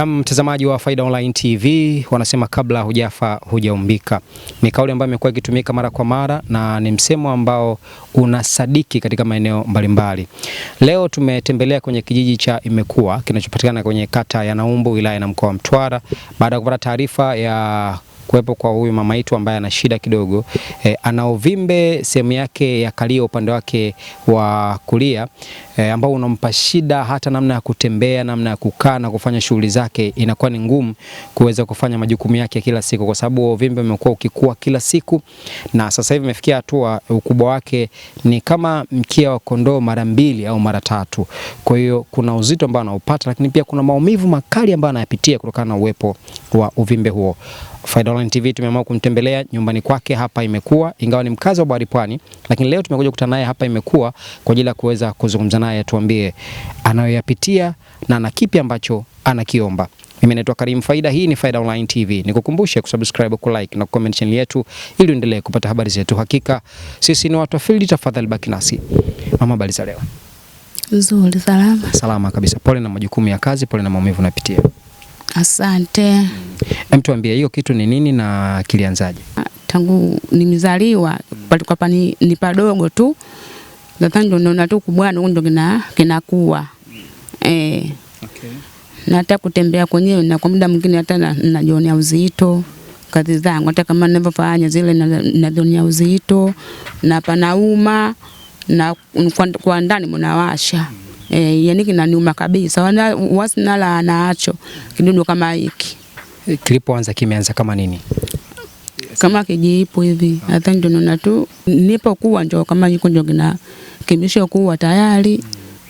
Na mtazamaji wa Faida Online TV wanasema kabla hujafa hujaumbika. Ni kauli ambayo imekuwa ikitumika mara kwa mara na ni msemo ambao unasadiki katika maeneo mbalimbali. Leo tumetembelea kwenye kijiji cha Imekuwa kinachopatikana kwenye kata ya Naumbu wilaya na mkoa wa Mtwara baada ya kupata taarifa ya kuwepo kwa huyu mama yetu ambaye ana shida kidogo e, eh, ana uvimbe sehemu yake ya kalio upande wake wa kulia e, ambao unampa shida hata namna ya kutembea, namna ya kukaa na kufanya shughuli zake, inakuwa ni ngumu kuweza kufanya majukumu yake kila siku, kwa sababu uvimbe umekuwa ukikua kila siku, na sasa hivi imefikia hatua ukubwa wake ni kama mkia wa kondoo mara mbili au mara tatu. Kwa hiyo kuna uzito ambao anaupata, lakini pia kuna maumivu makali ambayo anayapitia kutokana na uwepo wa uvimbe huo. Faida Online TV tumeamua kumtembelea nyumbani kwake hapa Imekuwa, ingawa ni mkazi wa Bahari Pwani, lakini leo tumekuja kukutana naye hapa Imekuwa kwa ajili ya kuweza kuzungumza naye, atuambie anayoyapitia na na kipi ambacho anakiomba. Mimi naitwa Karim Faida, hii ni Faida Online TV. Nikukumbushe kusubscribe, ku like na comment channel yetu ili uendelee kupata habari zetu. Hakika sisi ni watu wa field, tafadhali baki nasi. Mama, habari za leo? Nzuri, salama. Salama kabisa. Pole na majukumu ya kazi, pole na maumivu unapitia. Asante. Hem, tuambie hiyo kitu ni nini na kilianzaje? Ah, tangu nimezaliwa palikuwa pani ni padogo tu, nadhani ndio naona tu kubwa ndio kina kinakuwa eh. Okay. Na hata kutembea kwenyewe na kwa muda mwingine hata najionea uzito kazi zangu, hata kama ninavyofanya zile najionea uzito na panauma na kwa ndani mnawasha eh, yani kinaniuma kabisa, wana wasinala naacho kidudu kama hiki. Eh, kilipoanza kimeanza kama nini? Kama kijiipo hivi, hata ah. ndio naona tu nipo kuwa njo kama yuko njo kina kimisho kuwa tayari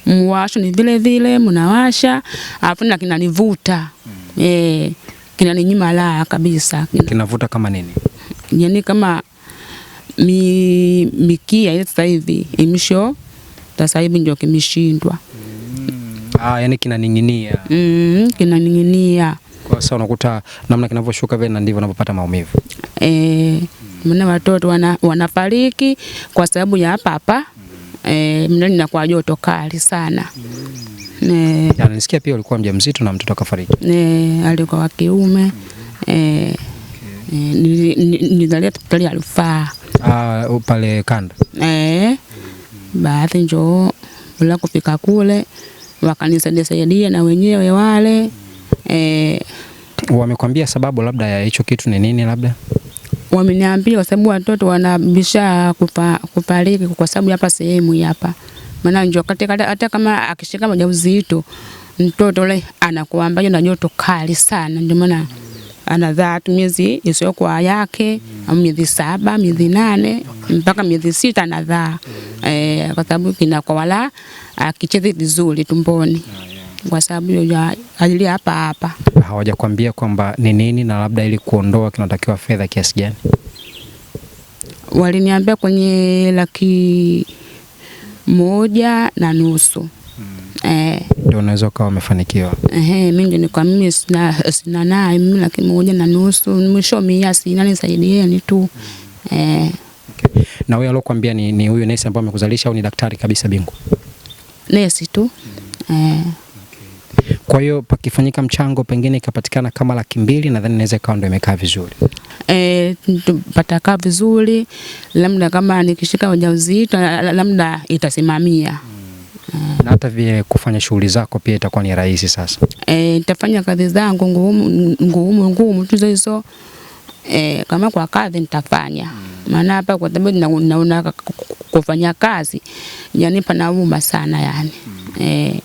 mm. mwasho ni vile vile mnawasha, alafu na kinanivuta mm. eh kinaninyima la kabisa. Kinavuta kama nini? Yani kama mi, mikia ile sasa hivi imisho sasa hivi ndio kimeshindwa. Ah, yani kinaning'inia. Mm, kinaning'inia. Kwa sasa unakuta namna kinavyoshuka vile ndivyo unapopata maumivu. Eh, mna watoto wana, wanafariki kwa sababu ya hapa hapa. Mm-hmm. Eh, mna na kwa joto kali sana. Mm-hmm. Eh, nisikia pia ulikuwa mjamzito na mtoto akafariki. Eh, alikuwa wa kiume. Eh, eh nilizalia hospitali ya Rufaa. Ah, pale Kanda. Eh, baadhi njoo bila kufika kule wakanisaidia saidia na wenyewe wale e. Wamekwambia sababu labda ya hicho kitu ni nini? Labda wameniambia kwa sababu watoto wanabisha kufariki kwa sababu hapa sehemu hapa, maana njoo katika hata kama akishika mjauzito mtoto ule anakuwa ambaye na joto kali sana, ndio maana ana that miezi kwa yake mm. miezi saba miezi nane okay. mpaka miezi sita anadhaa mm. e, kwa sababu kwa wala akichezi ah, vizuri tumboni yeah, yeah. kwa sababu ya ajili hapa hapa hawajakwambia kwamba ni nini na labda ili kuondoa kinatakiwa fedha kiasi gani? Waliniambia kwenye laki moja na nusu mm eh, ndio unaweza ukawa umefanikiwa. Ehe, mimi ndio nikwa mimi sina sina naye mimi laki moja na nusu mwisho mia sina nisaidieni tu mm. eh. Okay. Na huyo alokuambia ni, ni huyo nesi ambaye amekuzalisha au ni daktari kabisa bingu Nesi tu mm. eh. Kwa hiyo pakifanyika mchango pengine ikapatikana kama laki mbili nadhani inaweza ikawa ndio imekaa vizuri eh, patakaa vizuri, labda kama nikishika ujauzito labda itasimamia mm na hata vile kufanya shughuli zako pia itakuwa ni rahisi sasa. Eh, nitafanya kazi zangu ngumu ngumu ngumu tu hizo eh, kama kwa kazi nitafanya, hmm. maana hapa kwa sababu naona kufanya kazi yani panauma sana yani eh,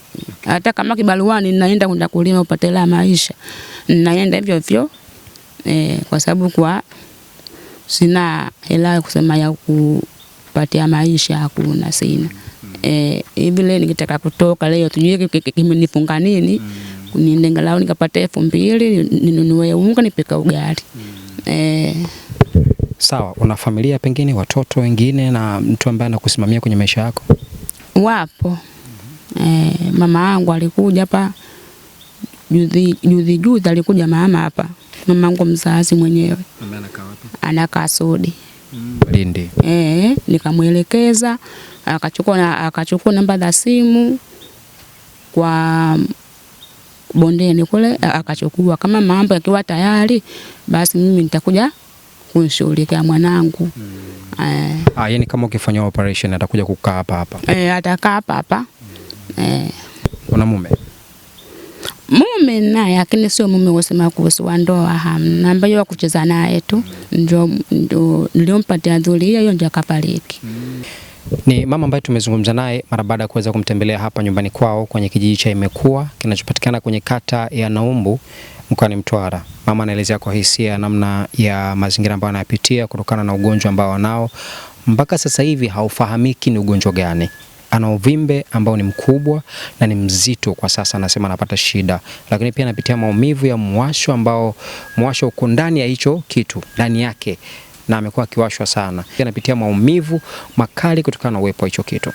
hata kama kibaruani naenda kwenda kulima upate la maisha, naenda hivyo hivyo eh, kwa sababu kwa sina hela kusema ya kupatia maisha, hakuna sina. Eh, hivi leo nikitaka kutoka leo tujue kimenifunga nini mm. niendengalau nikapata elfu mbili ninunue unga nipika ugali mm. eh. Sawa, una familia pengine watoto wengine na mtu ambaye anakusimamia kwenye maisha yako? Wapo. eh, mama yangu alikuja hapa juzi juzi juzi, alikuja mama hapa, mama yangu mzazi mwenyewe. Mama anakaa wapi? Anakaa Sudi. Lindi. Eh, nikamwelekeza akachukua akachukua namba za simu kwa bondeni kule akachukua. Kama mambo yakiwa tayari, basi mimi nitakuja kumshughulikia mwanangu hmm. Eh. Ah, yani kama ukifanya operation atakuja kukaa hapa hapa eh, atakaa hapa hapa hmm. Eh. Una mume? mume naye, lakini sio mume wasema kuhusu wa ndoa, hamna, ambaye wa kucheza naye tu, ndio ndio niliompatia dhuria hiyo, ndio akafariki. Ni mama ambaye tumezungumza naye mara baada ya kuweza kumtembelea hapa nyumbani kwao kwenye kijiji cha Imekuwa kinachopatikana kwenye kata ya Naumbu mkoani Mtwara. Mama anaelezea kwa hisia namna ya mazingira ambayo anayapitia kutokana na ugonjwa ambao wanao, mpaka sasa hivi haufahamiki ni ugonjwa gani ana uvimbe ambao ni mkubwa na ni mzito kwa sasa, anasema anapata shida, lakini pia anapitia maumivu ya mwasho ambao mwasho uko ndani ya hicho kitu ndani yake, na amekuwa akiwashwa sana. Pia anapitia maumivu makali kutokana na uwepo wa hicho kitu.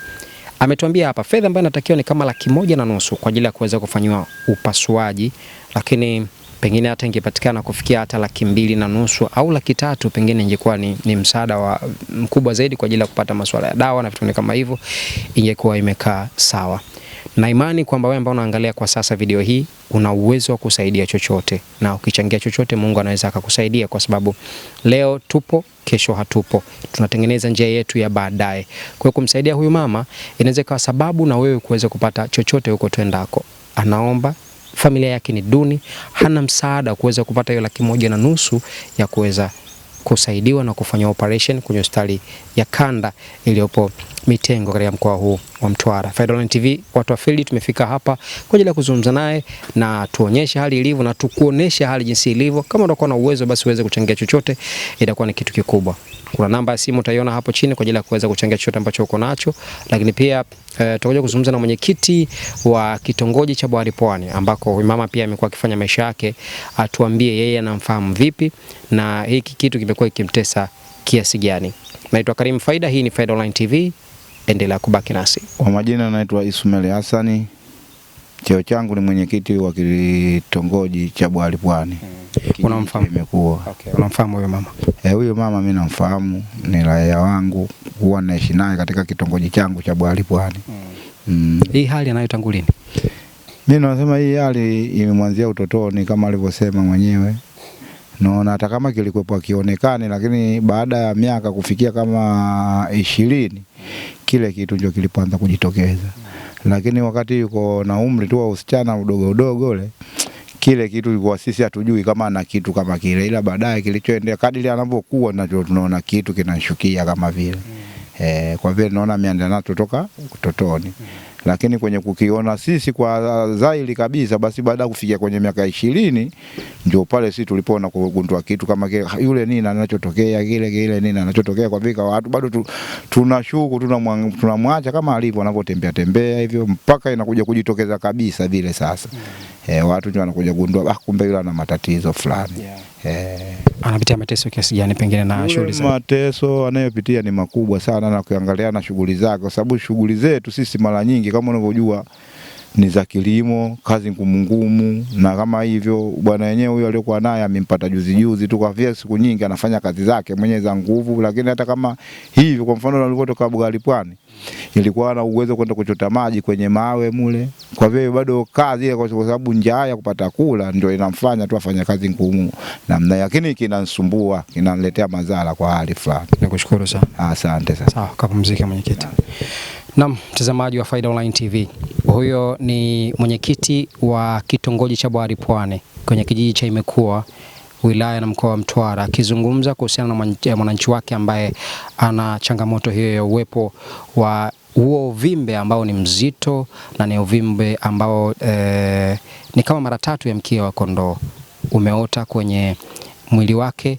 Ametuambia hapa fedha ambayo inatakiwa ni kama laki moja na nusu kwa ajili ya kuweza kufanyiwa upasuaji, lakini pengine hata ingepatikana kufikia hata laki mbili na nusu au laki tatu pengine ingekuwa ni, ni msaada wa mkubwa zaidi kwa ajili ya kupata masuala ya dawa na vitu kama hivyo, ingekuwa imekaa sawa na imani kwamba wewe ambao unaangalia kwa sasa video hii una uwezo wa kusaidia chochote, na ukichangia chochote Mungu anaweza akakusaidia, kwa sababu leo tupo, kesho hatupo, tunatengeneza njia yetu ya baadaye. Kwa hiyo kumsaidia huyu mama inaweza ikawa sababu na wewe kuweza kupata chochote huko twendako. Anaomba familia yake ni duni, hana msaada kuweza kupata hiyo laki moja na nusu ya kuweza kusaidiwa na kufanya operation kwenye hospitali ya kanda iliyopo Mitengo katika mkoa huu wa Mtwara. Faida Online TV, watu wa field, tumefika hapa kwa ajili ya kuzungumza naye na tuonyeshe hali ilivyo na tukuoneshe hali jinsi ilivyo. Kama unakuwa na uwezo, basi uweze kuchangia chochote, itakuwa ni kitu kikubwa. Kuna namba ya simu utaiona hapo chini kwa ajili ya kuweza kuchangia chochote ambacho uko nacho, lakini pia e, tutakuja kuzungumza na mwenyekiti wa kitongoji cha Bwari Pwani ambako mama pia amekuwa akifanya maisha yake, atuambie yeye anamfahamu vipi na hiki kitu kimekuwa kikimtesa kiasi gani. Naitwa Karim Faida, hii ni Faida Online TV, endelea kubaki nasi. Kwa majina naitwa Ismail Hassani, cheo changu ni mwenyekiti wa kitongoji cha Bwari Pwani. Hmm unamfahamu imekuwa Unamfahamu huyo mama eh? Huyo mama mimi namfahamu, ni raia wangu, huwa naishi naye katika kitongoji changu cha Bwali Pwani. mm. mm. Hii hali tangu lini? Mimi nasema hii hali imemwanzia utotoni kama alivyosema mwenyewe naona hata kama kilikuwepo akionekane, lakini baada ya miaka kufikia kama ishirini kile kitu ndio kilipoanza kujitokeza. Hmm. Lakini wakati yuko na umri tu wa usichana udogo udogo ule, kile kitu kwa sisi hatujui kama na kitu kama kile, ila baadaye kilichoendea kadiri anavyokuwa nacho tunaona kitu kinashukia kama vile mm. E, kwa vile naona ameandana totoka utotoni mm lakini kwenye kukiona sisi kwa zaili kabisa, basi baada ya kufikia kwenye miaka ishirini ndio pale sisi tulipoona kugundua kitu kama kile, yule nini anachotokea kile kile nini anachotokea kwa vika watu bado tu, tunashuku tunamwacha kama alivyo anavyotembea tembea hivyo mpaka inakuja kujitokeza kabisa vile sasa. E, watu ndio wanakuja kugundua ah, kumbe yule ana matatizo fulani yeah. E, anapitia mateso kiasi gani pengine na shughuli zake. Mateso anayopitia ni makubwa sana na kuangalia na shughuli zake, kwa sababu shughuli zetu sisi mara nyingi nyingi kama unavyojua ni za kilimo, kazi ngumu ngumu, na kama hivyo bwana yenyewe huyo aliyokuwa naye amempata juzi juzi tu, kwa vile siku nyingi anafanya kazi zake mwenyewe za nguvu. Lakini hata kama hivyo, kwa mfano alivyotoka Bugali Pwani, ilikuwa na uwezo kwenda kuchota maji kwenye mawe mule, kwa vile bado kazi ile, kwa sababu njaa ya kupata kula ndio inamfanya tu afanye kazi ngumu namna, lakini kinansumbua, kinaniletea madhara kwa hali fulani. Nakushukuru sana, asante sana. Sawa, kapumzike mwenyekiti. Naam, mtazamaji wa Faida Online TV, huyo ni mwenyekiti wa kitongoji cha Bwari Pwani kwenye kijiji cha Imekuwa wilaya na mkoa wa Mtwara akizungumza kuhusiana na eh, mwananchi wake ambaye ana changamoto hiyo ya uwepo wa huo uvimbe ambao ni mzito na ni uvimbe ambao eh, ni kama mara tatu ya mkia wa kondoo umeota kwenye mwili wake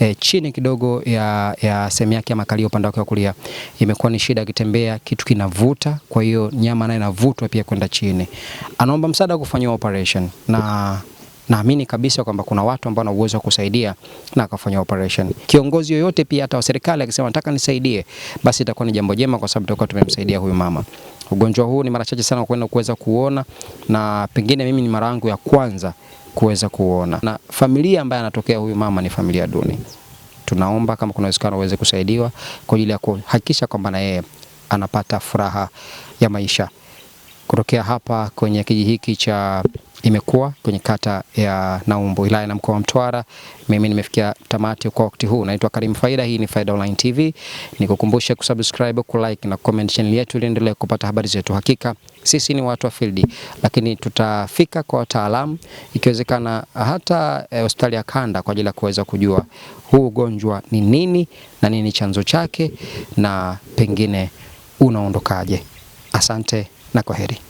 e, chini kidogo ya, ya sehemu yake ya makalio upande wake wa kulia imekuwa ni shida, akitembea kitu kinavuta, kwa hiyo nyama naye inavutwa pia kwenda chini. Anaomba msaada wa kufanyiwa operation na naamini kabisa kwamba kuna watu ambao wana uwezo wa kusaidia na akafanya operation. Kiongozi yoyote pia hata wa serikali akisema nataka nisaidie, basi itakuwa ni jambo jema, kwa sababu tutakuwa tumemsaidia huyu mama. Ugonjwa huu ni mara chache sana kwenda kuweza kuona, na pengine mimi ni mara yangu ya kwanza kuweza kuona, na familia ambayo anatokea huyu mama ni familia duni. Tunaomba kama kuna uwezekano uweze kusaidiwa kwa ajili ya kuhakikisha kwamba na yeye anapata furaha ya maisha kutokea hapa kwenye kijiji hiki cha imekuwa kwenye kata ya Naumbu, wilaya na mkoa wa Mtwara. Mimi nimefikia tamati kwa wakati huu. Naitwa Karim Faida, hii ni Faida Online TV. Nikukumbushe kusubscribe, kulike na comment channel yetu ili endelee kupata habari zetu. Hakika sisi ni watu wa field, lakini tutafika kwa wataalamu, ikiwezekana hata eh, hospitali eh, ya kanda kwa ajili ya kuweza kujua huu ugonjwa ni nini na nini chanzo chake na pengine unaondokaje. Asante na kwaheri.